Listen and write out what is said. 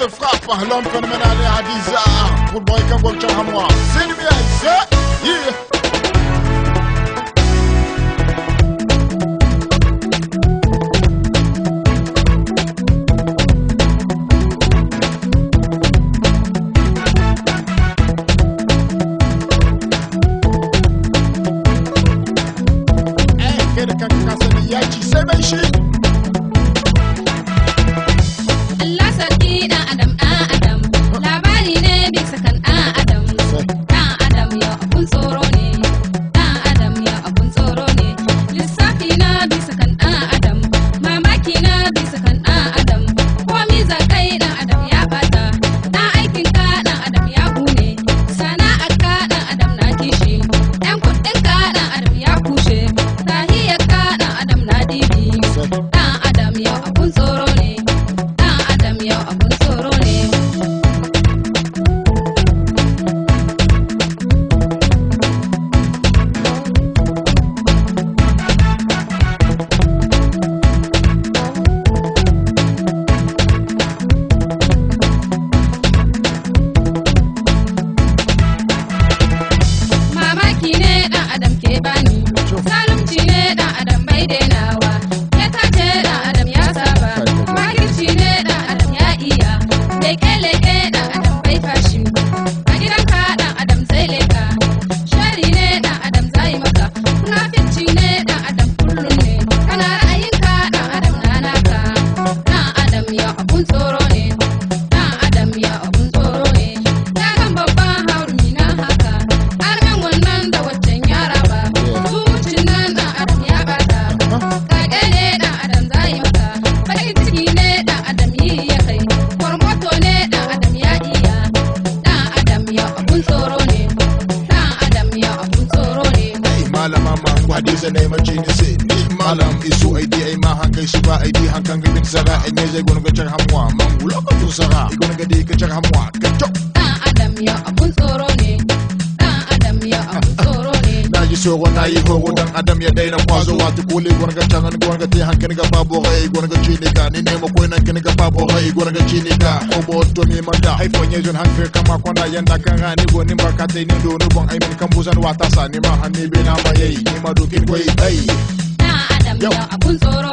de frappe, l'homme phénoménal et Hadiza. Pour le bon à moi. C'est c'est. Yeah. Get up. hadiza na imacin ise malam isu aidi ai ma hankai shi ba aidi hankan sara ai ne zai gona hamwa man lokacin sara hamwa adam ya abun soogo taayi kogo dan adam ya daina kwazo wati kuli gwarga tangan gwarga ti hankin ga babu gai gwarga chini ka ni nemo koi nan kin ga babu gai gwarga chini ka obo to mi manda ai fonye jun hankir kama kwanda yanda kan ga ni ni barka tai ni do ni bon ai min kan busan wata sa ni ma hanni be na ma yayi ni ma dokin koi ai na adam ya abun tsoro